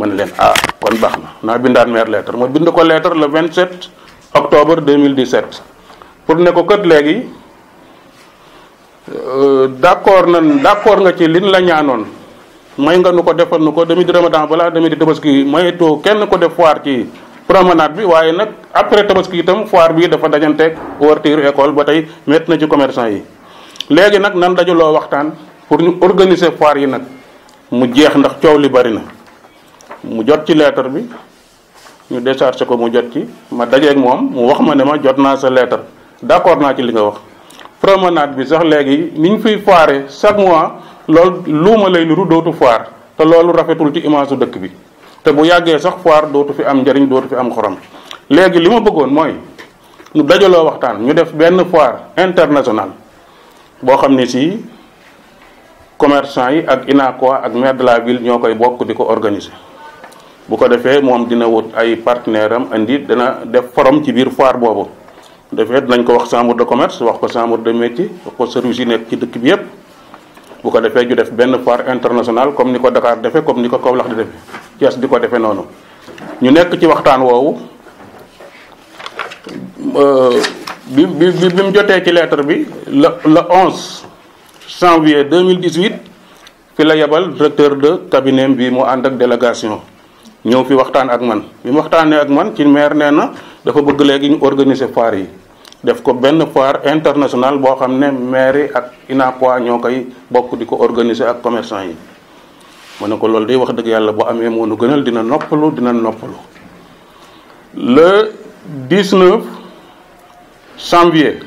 ma ne leen ah kon baax na naa bindaat maire lettre ma bind ko lettre le 27 octobre 2017 pour ne ko kat léegi euh, d'accord nan d'accord nga ci liñ la ñaanoon may nga nu ko defal nu ko demi di ramadan balaa demi di tabaski may too kenn ko def foire ci promenade bi waaye nag après tabaski itam foire bi dafa dajanteeg ouverture école ba tey métti na ci commerçant yi léegi nag nan dajaloo waxtaan pour ñu organiser foire yi nag mu jeex ndax coow li bari na mu jot ci lettre bi ñu déchargé ko mu jot ci ma dajeeg moom mu wax ma ne ma jot naa sa lettre d'accord naa ci li nga wax promenade bi sax léegi ni ñu fiy foire chaque mois loolu luuma lay luru dootu foire te loolu rafetul ci image su dëkk bi te bu yàggee sax foir dootu fi am njariñ dootu fi am xorom léegi li ma bëggoon mooy ñu dajaloo waxtaan ñu def benn foire international boo xam ne si commerçant yi ak UNACOIS ak maire de la ville ñoo koy bokk di ko organiser bu ko defee moom dina wut ay partenaire am andi dana def forum ci biir foire boobu defee dinañ ko wax chambre de commerce wax ko chambre de métier wax ko service yi nekk ci dëkk bi yépp bu ko defee ju def benn foire international comme ni ko Dakar defee comme ni ko Kaolack di defee Thiès di ko defee noonu ñu nekk ci waxtaan woowu euh, bi bi bi mu jotee ci lettre bi le le 11 janvier 2018 fi la yebal directeur de cabinet bi mu ànd ak délégation ñëw fi waxtaan ak man bi mu waxtaanee ak man ci maire nee na dafa bëgg léegi ñu organiser foire yi def ko benn foire international boo xam ne maire yi ak inaqua ñoo koy bokk di ko organiser ak commerçant yi ma ne ko loolu day wax dëgg yàlla bu amee moo nu gënal dina noppalu dina noppalu le 19 janvier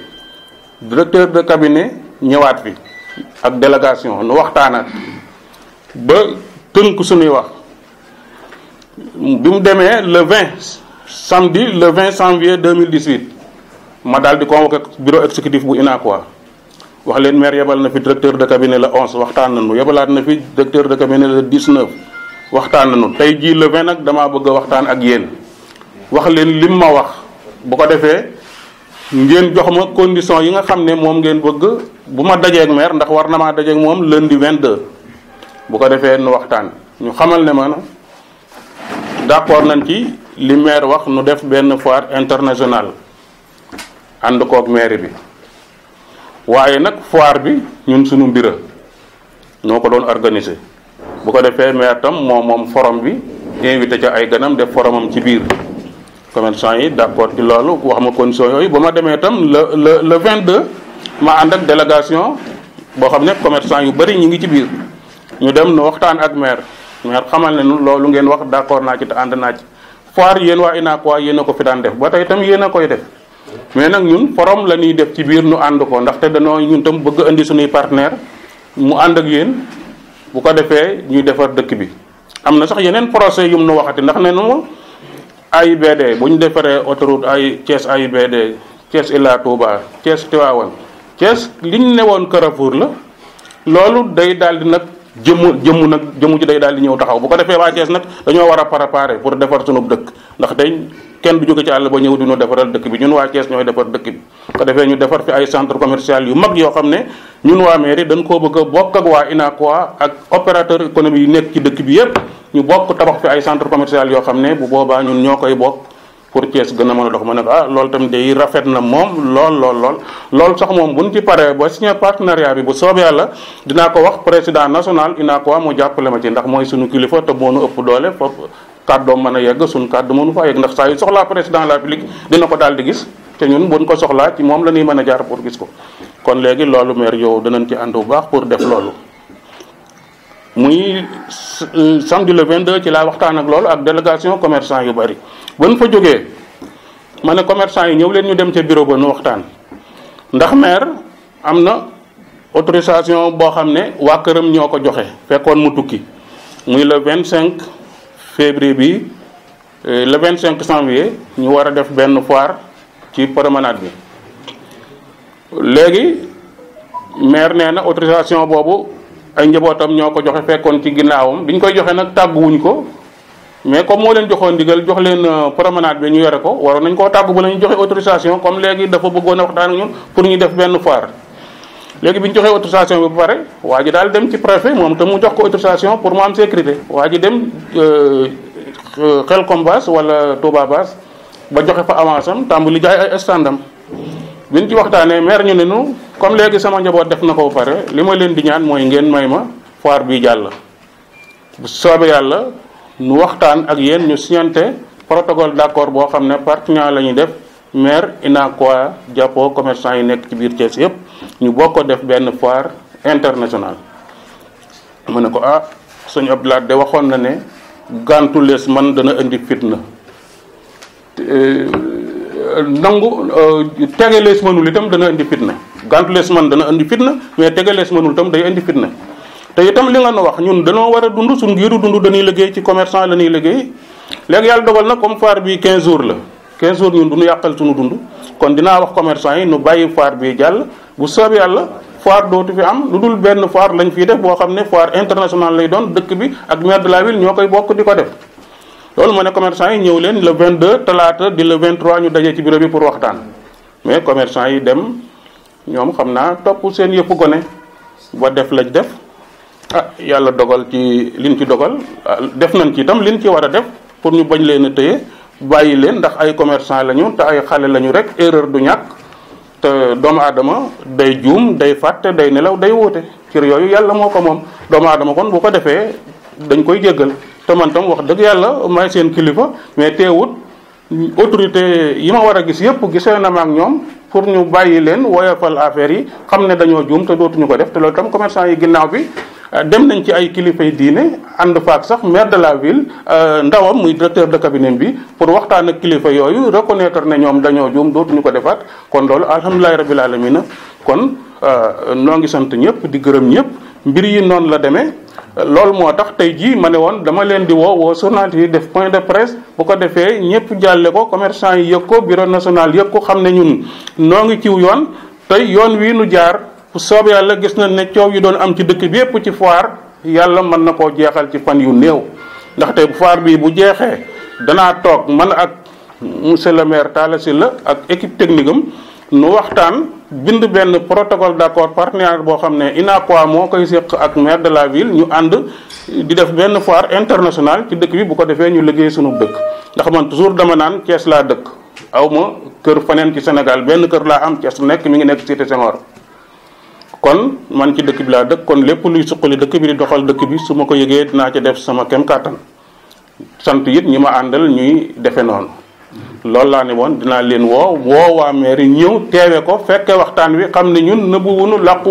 directeur de cabinet ñëwaat fi ak délégation nu waxtaanaat ba tënk suñuy wax bi mu demee le 20 samedi le mille janvier 2018 ma daal di convoqué bureau exécutif bu UNACOIS wax leen maire yebal na fi directeur de cabinet le 11 waxtaan nañu yebalaat na fi directeur de cabinet le 19 waxtaan nañu tey jii le 20 nag damaa bëgg a waxtaan ak yéen wax leen lim ma wax bu ko defee ngeen jox ma condition yi nga xam ne moom ngeen bëgg bu ma dajeeg maire ndax war na maa dajeeg moom lundi 22 bu ko defee nu waxtaan ñu xamal ne ma d'accord nañ ci li maire wax nu def benn foire internationale ànd koog maire bi waaye nag foire bi ñun suñu mbira ñoo ko doon organiser bu ko defee maire tam moom forum bi invité ca ay ganam def foromam ci biir commerçant yi d'accord ci loolu wax ma condition yooyu ba ma tam le le le 22 ma ànd ak délégation boo xam ne commerçant yu bari ñi ngi ci biir ñu dem nu waxtaan ak maire maire xamal ne loolu ngeen wax d'accord naa ci te ànd naa ci foire yéen waa UNACOIS yéen a ko fi daan def ba tey itam yéen koy def mais nag ñun forom la ñuy def ci biir nu ànd ko ndaxte danoo ñun tam bëgg indi suñuy partenaire mu ànd ak yéen bu ko defee ñuy defar dëkk bi am na sax yeneen procès yum nu waxati ndax ne nu ma AIBD bu ñu defaree autoroute ay Thiès AIBD Thiès Ila Touba Thiès Tivaouane Thiès li ñu newoon Carrefour la loolu day daal jëmm jëmm nag jëmm ji day daal di ñëw taxaw bu ko defee waa Thiès nag dañoo war a pour defar sunu dëkk ndax dañ kenn du jóge ci àll ba ñëw dinu defaral dëkk bi ñun waa Thiès ñooy defar dëkk bi ko defee ñu defar fi ay centre commercial yu mag yoo xam ne ñun waa mairie dañ koo bëgg a bokk ak waa UNACOIS ak opérateur économique yi nekk ci dëkk bi yépp ñu bokk tabax fi ay centre commercial yoo xam ne bu boobaa ñun ñoo koy bokk pour Thiès gën a mën a dox ma ne ko ah loolu tamit day rafet na moom lool lool lool loolu sax moom bu ñu ci paree ba signé partenariat bi bu soobee yàlla dinaa ko wax président national na UNACOIS mu jàppale ma ci ndax mooy suñu kilifa te nu ëpp doole foofu kàddoom mën a yegg suñu kàddu mënu fa yegg ndax saa yu soxlaa président de la République dina ko daal di gis te ñun buñ ko soxlaa ci moom la ñuy mën a jaar pour gis ko kon léegi loolu maire yow danañ ci ànd bu baax pour def loolu muy samedi le 22 ci laa waxtaan ak loolu ak délégation commerçant yu bari ban fa jógee ma ne commerçant yi ñëw leen ñu dem ca bureau ba nu waxtaan ndax maire am na autorisation boo xam ne waa këram ñoo ko joxe fekkoon mu tukki muy le vingt cinq février bi euh, le vingt cinq janvier ñu war a def benn foire ci promenade bi léegi maire nee na autorisation boobu ay njabootam ñoo ko joxe fekkoon ci ginnaawam bi koy joxe nag tàgguwuñ ko mais comme moo leen joxoon ndigal jox leen euh, promenade bi ñu yore ko waroon nañ koo tàggu ba la ñu joxe autorisation comme léegi dafa bëggoon a waxtaan ak ñun pour ñu def benn foire. léegi bi ñu joxee autorisation bi bu pare waa ji daal dem ci préfet moom te mu jox ko autorisation pour mu am sécurité waa ji dem euh, Xelkom Basse wala Touba Basse ba joxe fa avance am tàmbali jaay ay standam bi ñu ci waxtaanee maire ñu ne ñu comme léegi sama njaboot def na ko ba pare li ma leen di ñaan mooy ngeen may ma foire bi jàll bu soobee nu waxtaan ak yéen ñu signante protocole d'accord boo xam ne partenariat la ñuy def maire UNACOIS jàppoo commerçant yi nekk ci biir Thiès yëpp ñu bokk def benn foire internationale. mu ne ko ah sëñ Abdoulaye de waxoon na ne gàntu man dana indi fitna euh, nangu euh, tege lees mënul itam dana indi fitna gàntu lees man dana indi fitna mais tege lees mënul itam day indi fitna. te itam li nga nu wax ñun dañoo war dund suñu giiru dund dañuy liggéey ci commercant la ñuy liggéey léegi yàlla dogal na comme foire bi 15 jours la 15 jours ñun du ñu yàqal suñu dund kon dinaa wax commerçant yi nu bàyyi foire bi jàll bu soob yàlla foire dootu fi am lu dul benn foire lañ fiy def boo xam ne foire internationale lay doon dëkk bi ak maire de la ville ñoo koy bokk di ko def loolu moo ne commerçant yi ñëw leen le 22 talaata di le 23 ñu daje ci bureau bi pour waxtaan mais commerçant yi dem ñoom xam naa topp seen yëpp gone ba def lañ def ah yàlla dogal ci liñ ci dogal ah, def nañ ci itam liñ ci war a def pour ñu bañ leen a bàyyi leen ndax ay commerçant lañu te ay xale lañu rek erreur du ñàkk te doom aadama day juum day fàtte day nelaw day wóote cër yooyu yàlla moo ko moom doomu aadama kon boo ko defee dañ koy jéggal te man tam wax dëgg yàlla may seen kilifa mais teewut autorité yi ma war a gis yëpp gisee na ma ak ñoom pour ñu bàyyi leen woyofal affaire yi xam ne dañoo juum te dootuñu ko def te loolu tam commerçant yi ginnaaw bi dem nañ ci ay kilifay diine ànd faak sax maire de la ville euh, ndawam muy directeur de cabinet bi pour waxtaan ak kilifa yooyu reconnaître ne ñoom dañoo juum ñu ko defaat kon loolu alhamdulilahi rabil na kon euh, noo ngi sant ñëpp di gërëm ñëpp mbir yi noonu la demee loolu moo tax tey jii ma ne woon dama leen di woo woo journaliste def point de presse bu ko defee ñëpp jàlle ko commercant yi yëg ko bureau national yëg ko xam ne ñun noo ngi ciw yoon tey yoon wii nu jaar bu yàlla gis nañ ne coow yi doon am ci dëkk bi yépp ci foire yàlla mën na koo jeexal ci fan yu néew ndaxte bu foire bii bu jeexee danaa toog man ak monsieur le maire Talla la ak équipe technique nu waxtaan bind benn protocole d'accord partenariat boo xam ne UNACOIS moo koy séq ak maire de la ville ñu ànd di def benn foire internationale ci dëkk bi bu ko defee ñu liggéey sunu dëkk ndax man toujours dama naan Thiès laa dëkk aw ma kër faneen ci Sénégal benn kër laa am Thiès nekk mi ngi nekk cité kon man ci dëkk bi laa dëkk kon lépp luy suqali dëkk bi di doxal dëkk bi su ma ko yëgee dinaa ca def sama kem kàttan sant it ñi ma àndal ñuy defe noonu loolu laa ne woon dinaa leen woo woo waa maire ñëw teewe ko fekke waxtaan wi xam ne ñun nëbbu wunu làqu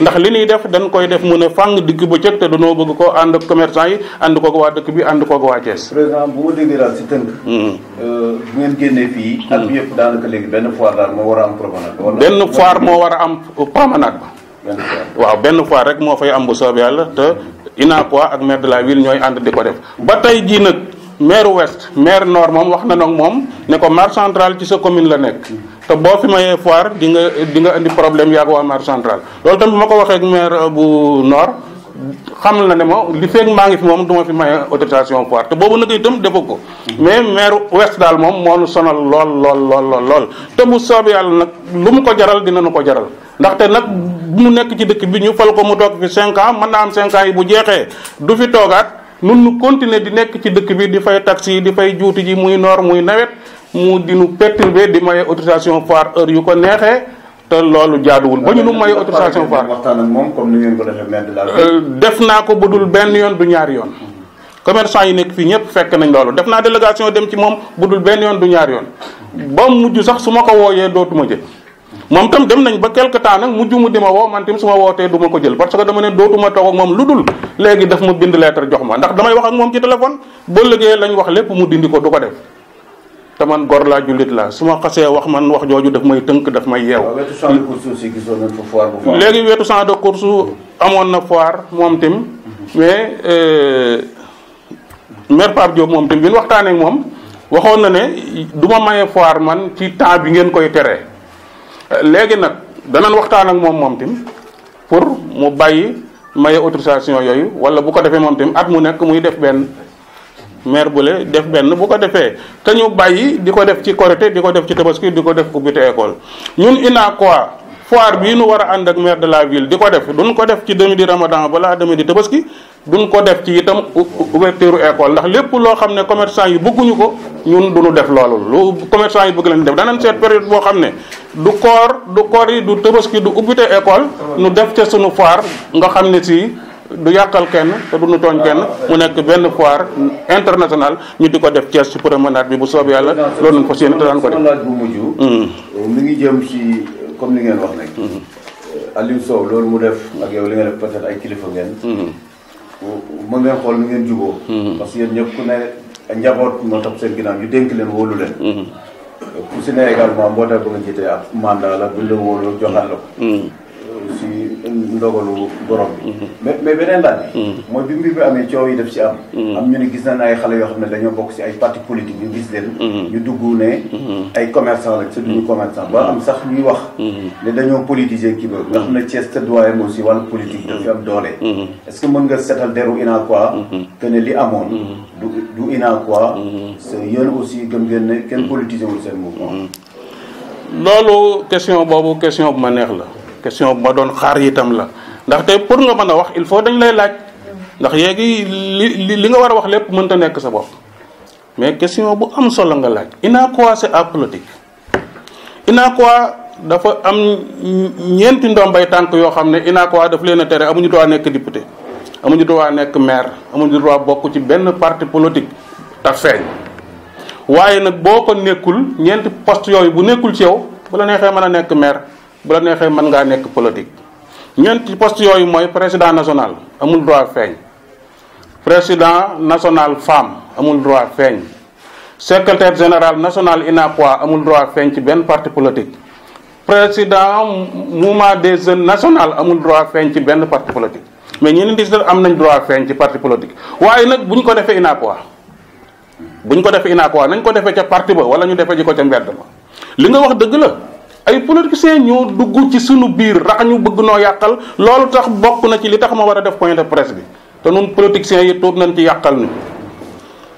ndax li ñuy def dañ koy def mu ne fàng digg bëccëg te danoo bëgg ko ànd ak commerçant yi ànd koog waa dëkk bi ànd koog waa Thiès. président bu ma déggee daal si tënk. Hmm. Euh, bu ngeen génnee fii. Hmm. at bi yëpp daanaka léegi benn foire daal moo war a am promenade. benn foire moo war a am promenade ba. waaw benn fois rek moo fay am bu soob yàlla te UNACOIS ak maire de la ville ñooy ànd di ko def ba tey jii nag maire ouest maire nord moom wax na nag moom ne ko marché central ci sa commune la nekk te boo fi mayee foire di nga di nga indi problème yàgg waa marché central loolu tamit ma ko waxee ak maire bu nord xam na ne ma li feeg maa ngi fi moom du ma fi maye autorisation foire te boobu nag itam defa ko mais maire ouest daal moom moo nu sonal lool lool lool lool lool te bu nag lu ko jaral dina nu ko jaral mu nekk ci dëkk bi ñu fal ko mu toog fi cinq ans mën naa am cinq yi bu jeexee du fi toogaat nun nu continuer di nekk ci dëkk bi di fay taxi yi di fay juuti ji muy noor muy nawet mu di nu perturber di maye autorisation foire heure yu ko neexee te loolu jaaduwul ba ñu nu maye autorisation foire waxtaan ak euh, def naa ko bu dul benn yoon du ñaari yoon mm-hmm. commerçant yi nekk fii ñëpp fekk nañ loolu def naa délégation dem ci moom bu dul benn yoon du ñaari yoon mm-hmm. ba mujj sax su ma ko wooyee dootuma jël moom tam dem nañ ba quelque mu nag mujj mu di ma woo man su ma wootee du ma ko jël parce que dama ne dootuma toog ak moom lu dul léegi daf ma bind lettre jox ma ndax damay wax ak moom ci téléphone ba wax lépp mu dindi ko du ko def te man gor laa jullit laa su ma xasee wax man wax jooju daf may tënk daf may yeew léegi wetu champ de course amoon na foire moom tam mais euh, maire Pape Diop moom tam bi ñu waxtaanee moom waxoon na ne du ma maye foire man ci temps bi ngeen koy teree léegi nag danañ waxtaan ak moom moom tim pour mu bàyyi maye autorisation yooyu wala bu ko defee moom tim at mu nekk muy def benn maire bule def benn bu ko defee te ñu bàyyi di ko def ci Korité di ko def ci Tabaski di ko def ubbite école ñun ina quoi foire bii nu war a ànd ak maire de la ville di ko def duñ ko def ci demi di ramadan balaa demi di tabaski duñ ko def ci itam ouverture école ndax lépp loo xam ne commerçant yi bëgguñu ko ñun duñu def loolu lu commerçant yi bëgg def danañ seet période boo xam ne du koor du koor yi du tabaski du ubbite école nu def ca sunu foire nga xam ne si du yàqal kenn te du nu tooñ kenn mu nekk benn foire international ñu di ko def Thiès ci promenade bi bu soob yàlla loolu nañ ko séen te daan ko def comme li ngeen wax rek. Mm-hmm. Aliou Sow loolu mu def ak yow li nga def ay kilifa ngeen. mën mm-hmm. ngeen xool nu ngeen juboo mm-hmm. parce que yéen ñëpp ku ne njaboot moo topp seen ginnaaw ñu dénk leen wóolu leen. ku si ne également mbootaay ba nga jiite ak mandat la buñ wóolu joxaat la ko. ndogalu borom bi. Mhm. mais mais beneen laaj bi. Mhm. mooy bi mbir bi amee coow yi def ci am. Mhm. am ñu ne gis na ay xale yoo xam ne dañoo bokk ci ay parti politique ñu gis leen. ñu dugg ne. ay commerçant rek te duñu commerçant ba am sax ñuy wax. ne dañoo politiser kii ba nga xam ne Thiès te doyen aussi wàllu politique dafa am doole. est que mën nga seetal deru Unacois. que ne li amoon. du du Unacois. yéen aussi gëm ngeen ne kenn politiser wul seen mouvement. loolu question boobu question bu ma neex la. question bu ma doon xaar itam la tey pour nga mën a wax il faut dañ lay laaj ndax yéegi li li nga war a wax lépp mënta nekk sa bopp mais question bu am solo nga laaj ina quoi à politique ina quoi dafa am ñeenti ndombay tànk yoo xam ne ina quoi daf leen a tere amuñu droit nekk député amuñu droit nekk maire amuñu droit bokk ci benn parti politique ta feeñ waaye nag boo ko nekkul ñeenti poste yooyu bu nekkul ci yow bu la neexee mën a nekk maire bu la neexee man ngaa nekk politique ñeenti poste yooyu mooy président national amul droit feeñ président national femme amul droit feeñ secrétaire général national inapoa amul droit feeñ ci benn parti politique président mouvement des jeunes national amul droit feeñ ci benn parti politique mais ñeneen di am nañ droit feeñ ci parti politique waaye nag buñ ko defee inapoa buñ ko defee inapoa nañ ko defee ca parti ba wala ñu defee ji ko ca mbedd ba li nga wax dëgg la ay politiciens ñu dugg ci sunu biir rax ñu bëgg noo yàqal loolu tax bokk na ci li tax ma war a def point de presse bi te nun politiciens yi toog nañ ci yàqal ñu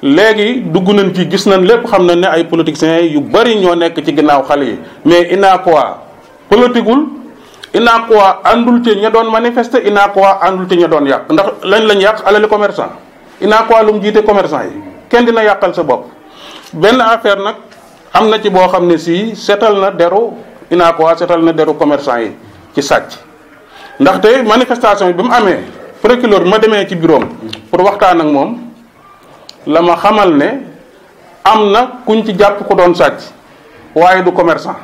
léegi dugg nañ ci gis nañ lépp xam nañ ne ay politiciens yu bari ñoo nekk ci ginnaaw xale yi mais ina quoi politikul ina quoi andul ci ña doon manifester ina quoi andul ci ña doon yàq ndax lañ lañ yàq alali commerçant ina quoi lu mu jiite commerçant yi kenn dina yàqal sa bopp benn affaire nag am na ci boo xam ne sii na deru UNACOIS setal na deru commerçant yi ci sàcc ndaxte manifestation bi mu amee procureur bi ma demee ci biroom pour waxtaan ak moom la ma xamal ne am na kuñ ci jàpp ku doon sàcc waaye du commerçant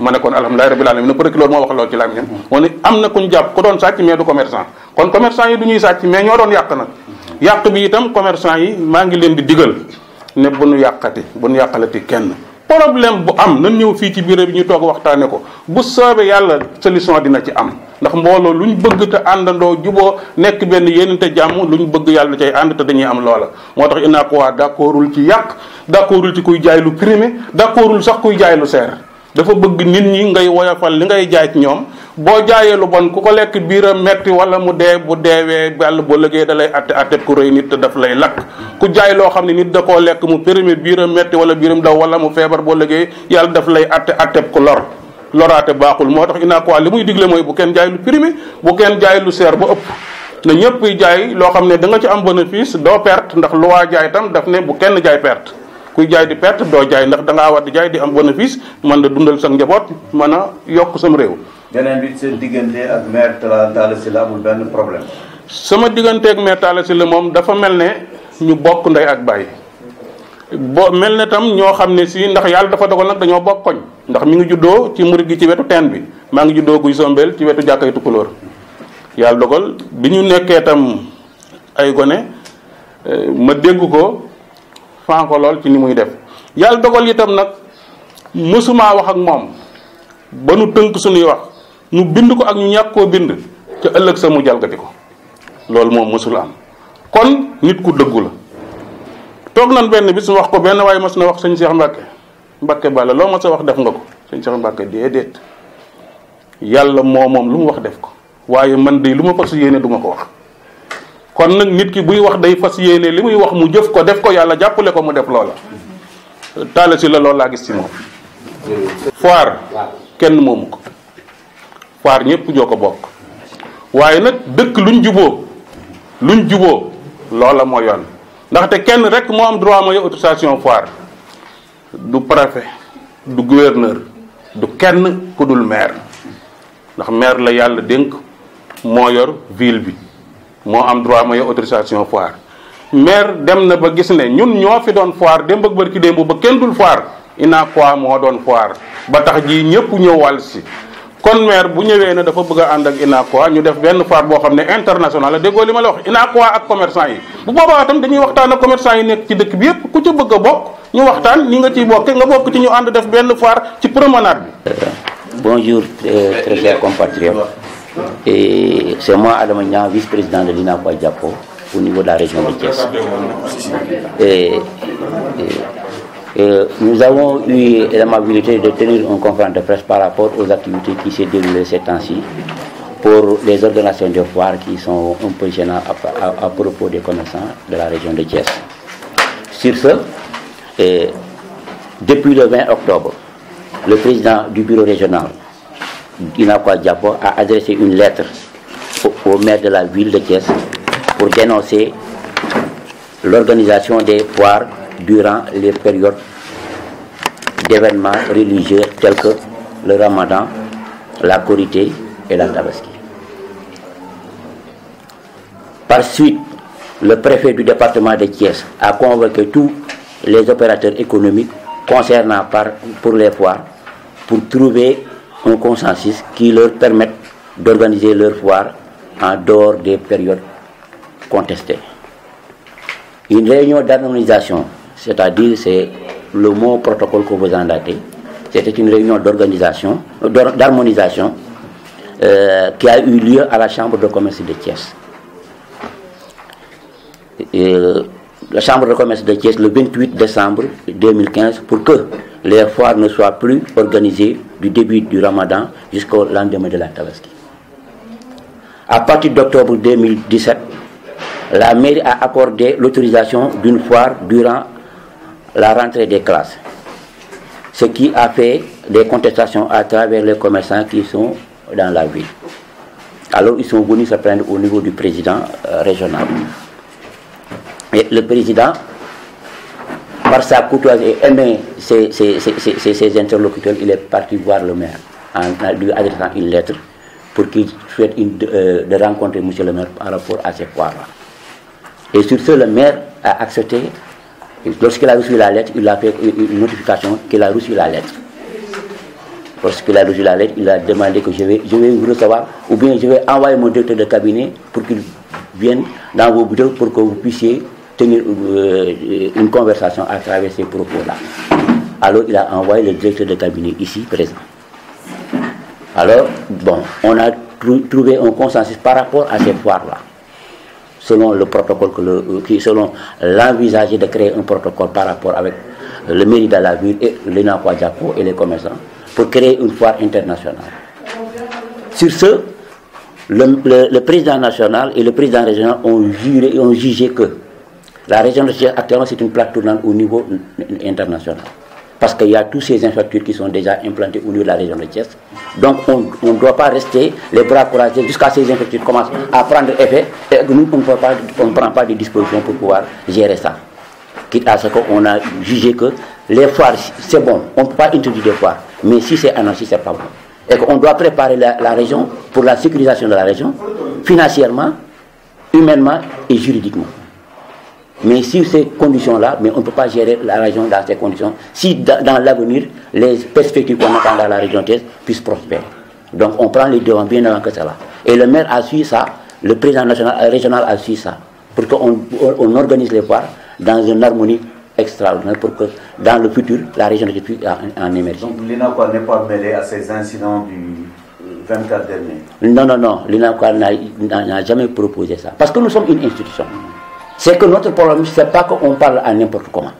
ma ne kon alhamdulilah rabbil alamin ne procureur moo wax loolu ci làmmiñam moo ne am na kuñ jàpp ku doon sàcc mais du commercant kon commerçant yi du ñuy sàcc mais ñoo doon yàq nag yàq bi itam commerçant yi maa ngi leen di diggal ne bu nu yàqati bu nu yàqalati kenn problème bu am nan ñëw fii ci bureau bi ñu toog waxtaane ko bu soobee yàlla solution dina ci am ndax mbooloo lu ñu bëgg te àndandoo juboo nekk benn yénente jàmm lu ñu bëgg yàlla cay ànd te dañuy am loola moo tax inaakuwaa d'accordul ci yàq d'accordul ci kuy jaay lu primé d'accordul sax kuy jaay lu seer dafa bëgg nit ñi ngay woyofal li ngay jaay ñoom boo jaayee lu bon ku ko lekk biiram metti wala mu dee bu deewee bàll boo lëgee da lay atte atte ku rëy nit te daf lay lakk ku jaay loo xam ne nit da koo lekk mu périmé biiram metti wala biiram daw wala mu feebar boo lëgee yàlla daf lay atte atteb ku lor loraate baaxul moo tax inaa quoi li muy digle mooy bu kenn jaay lu périmé bu kenn jaay lu seer ba ëpp na ñëpp jaay loo xam ne da nga ci am bénéfice doo perte ndax lu waa jaay tam daf ne bu kenn jaay perte kuy jaay di perte doo jaay ndax da ngaa di jaay di am bénéfice man da dundal sa njaboot mën a yokk sam réew beneen bi seen diggante ak benn problème. sama diggante ak maire Talla moom dafa mel ne ñu bokk ndey ak baay bo mel ne tam ñoo xam ne si ndax yàlla dafa dogal nag dañoo bokk koñ ndax mi ngi juddoo ci murit gi ci wetu teen bi maa ngi juddoo guy sombeel ci wetu jàkkay Tukulóor yàlla dogal bi ñu nekkee tam ay gone eh, ma dégg ko fan lool ci ni muy def yàlla dogal itam nag mësumaa wax ak moom ba nu tënk suñuy wax. ñu bind ko ak ñu ñàkk koo bind te ëllëg sa mu jalgati ko loolu moom mësul am kon nit ku dëggu la toog nan benn bis wax ko benn waaye mas wax sëñ Cheikh Mbacke Mbacke Balla loo mas a wax def nga ko sëñ Cheikh Mbacke déedéet yàlla moo moom lu mu wax def ko waaye man de lu ma fas yéene duma ko wax kon nag nit ki buy wax day fas yéene li muy wax mu jëf ko def ko yàlla jàppale ko mu def loola taale si la loolu laa gis si moom foire kenn moomu ko paar ñëpp ñoo ko bokk waaye nag dëkk luñ juboo luñ juboo loola moo yoon ndaxte kenn rek moo am droit mooy autorisation foire du préfet du gouverneur du kenn ku dul maire ndax maire la yàlla dénk moo yor ville bi moo am droit mooy autorisation foire maire dem na ba gis ne ñun ñoo fi doon foire démb ak bërki démb ba kenn dul foire ina fois moo doon foire ba tax jii ñëpp ñëw wàll si kon maire bu ñëwee ne dafa bëgg ànd ak UNACOIS ñu def benn foire boo xam ne international la déggoo li ma la wax UNACOIS ak commerçant yi bu boobaa itam dañuy waxtaan ak commerçant yi nekk ci dëkk bi yépp ku ci bëgg a bokk ñu waxtaan ni nga ciy bokke nga bokk ci ñu ànd def benn foire ci promenade bi. Euh, bonjour euh, très chers compatriotes et c'est moi Adama Niang vice-président de l'UNACOIS jàpp au niveau de la région de Thiès. nous avons eu l'amabilité de tenir une conférence de presse par rapport aux activités qui se déroulent ces temps-ci pour les organisations de foires qui sont un peu à, propos des commerçants de la région de Thiès. Sur ce, depuis le 20 octobre, le président du bureau régional, Inakwa Diapo, a adressé une lettre au, maire de la ville de Thiès pour dénoncer l'organisation des foires durant les périodes d'événements religieux tels que le ramadan, la corité et la tabaski. Par suite, le préfet du département de Thiès a convoqué tous les opérateurs économiques concernant par, pour les foires pour trouver un consensus qui leur permette d'organiser leurs foires en dehors des périodes contestées. Une réunion d'harmonisation c'est-à-dire c'est le mot protocole que vous en datez. C'était une réunion d'organisation, euh, d'harmonisation euh, qui a eu lieu à la Chambre de commerce de Thiès. Euh, la Chambre de commerce de Thiès le 28 décembre 2015 pour que les foires ne soient plus organisées du début du ramadan jusqu'au lendemain de la Tabaski. À partir d'octobre 2017, la mairie a accordé l'autorisation d'une foire durant la rentrée des classes, ce qui a fait des contestations à travers les commerçants qui sont dans la ville. Alors ils sont venus se plaindre au niveau du président euh, régional. Et le président, par sa courtoisie et ses, interlocuteurs, il est parti voir le maire en lui adressant une lettre pour qu'il souhaite une, de euh, rencontrer M. le maire par rapport à ces poires. là Et sur ce, le maire a accepté Lorsqu'il a reçu la lettre, il a fait une notification qu'il a reçu la lettre. Lorsqu'il a reçu la lettre, il a demandé que je vais, je vais vous recevoir ou bien je vais envoyer mon directeur de cabinet pour qu'il vienne dans vos bureaux pour que vous puissiez tenir euh, euh, une conversation à travers ces propos-là. Alors il a envoyé le directeur de cabinet ici présent. Alors, bon, on a trouvé un consensus par rapport à ces foires-là selon le protocole que le, euh, qui selon l'envisager de créer un protocole par rapport avec le mairie de la ville et et les commerçants pour créer une foire internationale. Sur ce, le, président national et le président régional ont juré et ont jugé que la région de Chine actuellement c'est une plaque tournante au niveau international parce qu'il y a toutes ces infrastructures qui sont déjà implantées au niveau de la région de Thiès. Donc on ne doit pas rester les bras croisés jusqu'à ces infrastructures commencent à prendre effet et nous on ne prend pas de dispositions pour pouvoir gérer ça. Quitte à ce qu'on a jugé que les foires, c'est bon, on ne peut pas introduire des foires, mais si c'est annoncé, c'est pas bon. Et qu'on doit préparer la région pour la sécurisation de la région, financièrement, humainement et juridiquement. Mais sur ces conditions-là, mais on ne peut pas gérer la région dans ces conditions. Si dans, l'avenir, les perspectives qu'on attend dans la région thèse puissent prospérer. Donc on prend les devants bien avant que cela. Et le maire a suivi ça, le président national, euh, régional a suivi ça, pour qu'on on organise les voies dans une harmonie extraordinaire pour que dans le futur, la région puisse en, émerger. Donc n'est pas mêlé à ces incidents du 24 euh, dernier Non, non, non, l'INACOA n'a jamais proposé ça. Parce que nous sommes une institution c'est que notre problème, ce n'est pas qu'on parle à n'importe comment.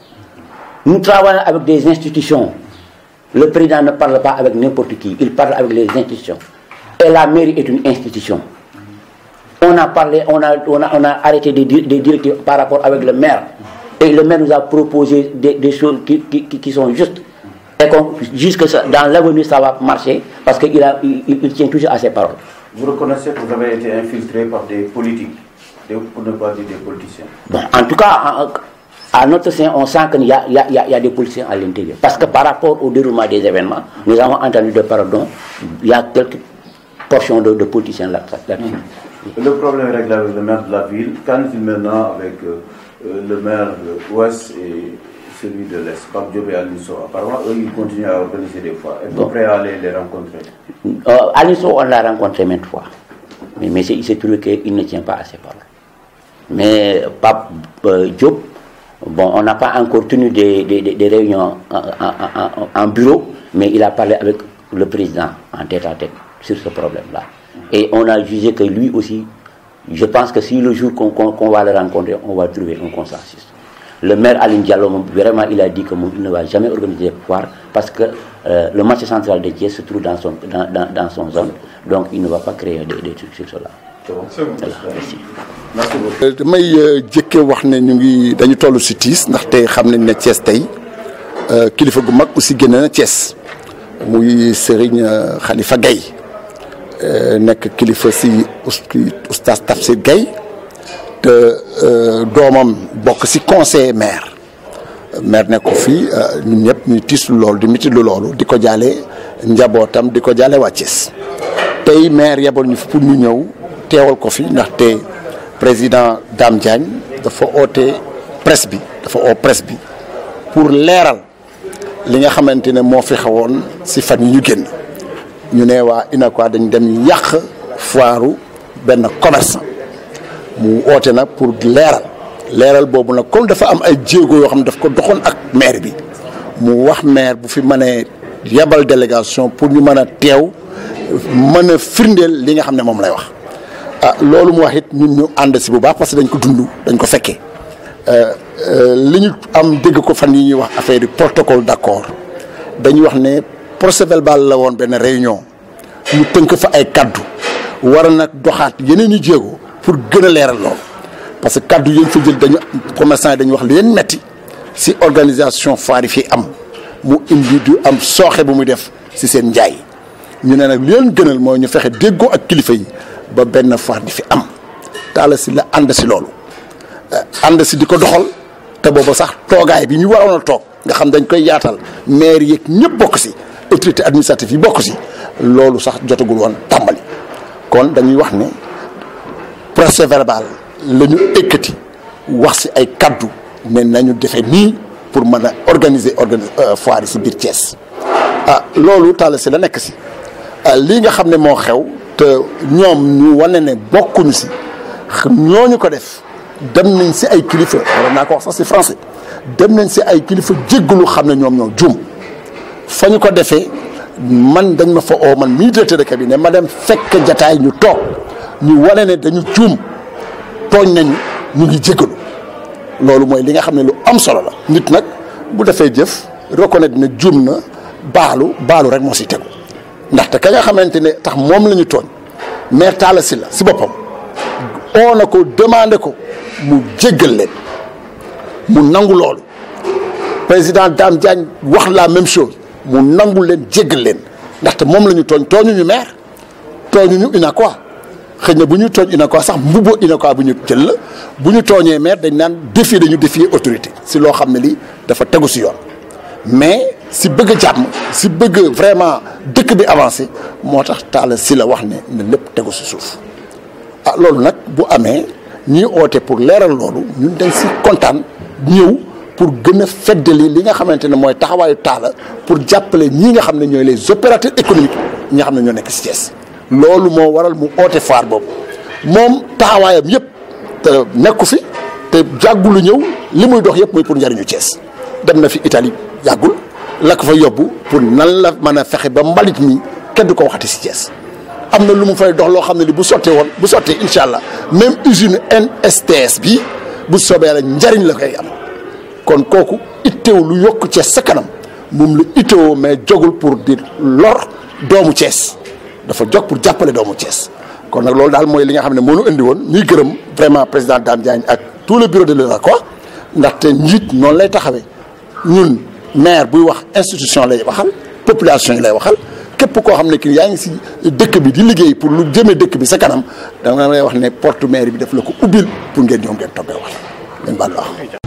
Nous travaillons avec des institutions. Le président ne parle pas avec n'importe qui, il parle avec les institutions. Et la mairie est une institution. On a parlé, on a, on a, arrêté de dire par rapport avec le maire. Et le maire nous a proposé des, choses qui, sont justes. Et qu'on dans l'avenir, ça va marcher parce qu'il il, il tient toujours à ses paroles. Vous reconnaissez que vous avez été infiltré par des politiques pour ne pas dire des politiciens. en tout cas, à, notre sein, on sent qu'il y, a, des politiciens à l'intérieur. Parce que par rapport au déroulement des événements, nous avons entendu des pardons, il y a quelques portions de, politiciens là-dessus. Mm. le problème avec le maire de la ville, quand il maintenant avec euh, euh, le maire de l'Ouest et celui de l'Est, Pape Diop et Aliso, Apparemment, eux, ils continuent à organiser des fois. Est-ce bon. prêt à aller les rencontrer euh, on l'a rencontré maintes fois. Mais, mais il s'est trouvé qu'il ne tient pas à ses paroles mais Pape euh, Diop, bon, on n'a pas encore tenu des, réunions en, bureau, mais il a parlé avec le président en tête à tête sur ce problème-là. Et on a jugé que lui aussi, je pense que si le jour qu'on va le rencontrer, on va trouver un consensus. Le maire Aline Diallo, vraiment, il a dit qu'il ne va jamais organiser le pouvoir parce que euh, le marché central de Thiers se trouve dans son, zone. Donc, il ne va pas créer des trucs sur cela. Euh, damay euh, jëkke wax ne ñu ngi dañu toll si tiis ndax tey xam nañ ne cees tey euh, kilifa gu mag aussi génne na cees muy sëriñ xalifa gay nekk kilifa si oustaz Tafsir Gaye te doomam bokk si conseil maire maire nekk ko fii ñun ñëpp ñuy tiis lu loolu di miti lu loolu di ko jaale njabootam di ko jaale waa Thiès tey maire yebal ñu fi pour ñu ñëw teewal ko fi ndaxte président Dame Diagne dafa oote presse bi dafa oo presse bi pour leeral li nga xamante ne moo fi xawoon si fan yi ñu génn ñu ne waa UNACOIS dañ dem yàq foiru benn commerçant mu oote nag pour leeral leeral boobu nag comme dafa am ay jéego yoo xam ne daf ko doxoon ak maire bi mu wax maire bu fi mënee yebal délégation pour ñu mën a teew mën a firndeel li nga xam ne moom lay wax ah loolu mu it ñun ñu ànd si bu baax parce que dañ ko dund dañ ko fekkee euh, euh, li ñu am dégg ko fan yi ñuy wax affaire yi protocole d'accord dañuy wax ne procès-verbal la woon benn réunion ñu tënk fa ay kaddu war nag doxaat yeneen i jéego pour gën a leeral loolu parce que kaddu yéen fa jël dañu commerçant yi dañu wax li leen metti si organisation foire yi am mu indi du am sooxe bu muy def si seen njaay ñu ne nag li leen gënal mooy ñu fexe déggoo ak kilifa yi ba benn fax di fi am Talla Sylla la ànd si loolu eh, ànd si di ko doxal te booba sax toogaay bi ñu waroon a toog nga xam dañ koy yaatal maire yeeg ñëpp bokk si autorité administrative yi bokk si loolu sax jotagul woon tàmbali kon dañuy wax ne procès verbal la ñu wax si ay kaddu ne nañu defe nii pour mën a organiser organiser euh, foire yi si biir Thiès ah loolu Talla Sylla la nekk si ah, lii nga xam ne moo xew te ñoom ñu wane ne bokkuñu si ñoo ñu ko def dem nañ si ay kilifa wala naa ko wax sax si français dem nañ si ay kilifa jéggalu xam ne ñoom ñoo jum fa ñu ko defee man dañ ma fa oo man mii directeur de cabinet ma dem fekk jataay ñu toog ñu wane ne dañu juum tooñ nañu ñu ngi jéggalu loolu mooy li nga xam ne lu am solo la nit nag bu defee jëf reconnaître ne juum na baalu baalu rek moo si tegu ndaxte ka nga xamante ne tax moom lañu ñu tooñ maire Talla Sylla si boppam oo na ko demandé ko mu jéggal leen mu nangu loolu président Dame Diagne wax la même chose mu nangu leen jéggal leen ndaxte moom la ñu tooñ tooñuñu maire tooñuñu UNACOIS xëy na bu ñu tooñ UNACOIS sax mbubboo UNACOIS bu ñu jël la bu ñu tooñee maire dañ naan défier dañu défier autorité si loo xam ne lii dafa tegu si yoon si bëgg jàmm si bëgg vraiment dëkk bi avancé moo tax Talla Sylla wax ne ne lépp tegu si suuf ah loolu nag bu amee ñiy oote pour leeral loolu ñun dañ si kontaan ñëw pour gën a feddali li nga xamante ne mooy taxawaayu Talla pour jàppale ñi nga xam ne ñooy les opérateurs économiques ñi nga xam ne ñoo nekk si Thiès loolu moo waral mu oote faar boobu moom taxawaayam yëpp te nekku fi te jàggulu ñëw li muy dox yëpp muy pour njëriñu Thiès dem na fi Italie yàggul la fa yobbu pour nan la meuna en ba mbalit mi kenn waxati ci Thiès amna fay dox même usine NSTS bi bu la njariñ la koy am kon lu jogul pour dire lor doomu Thiès dafa pour jappalé doomu Thiès kon nak dal moy li nga xamné mo ñu vraiment président Dame Diagne ak tout le bureau de non, lay maire buy wax institution lay waxal population yi lay waxal képp koo xam ne ki yaa ngi si dëkk bi di liggéey pour lu jëmee dëkk bi sa kanam dama lay wax ne porte maire bi daf la ko ubbil pour ngeen ñoom ngeen toggee wax leen baal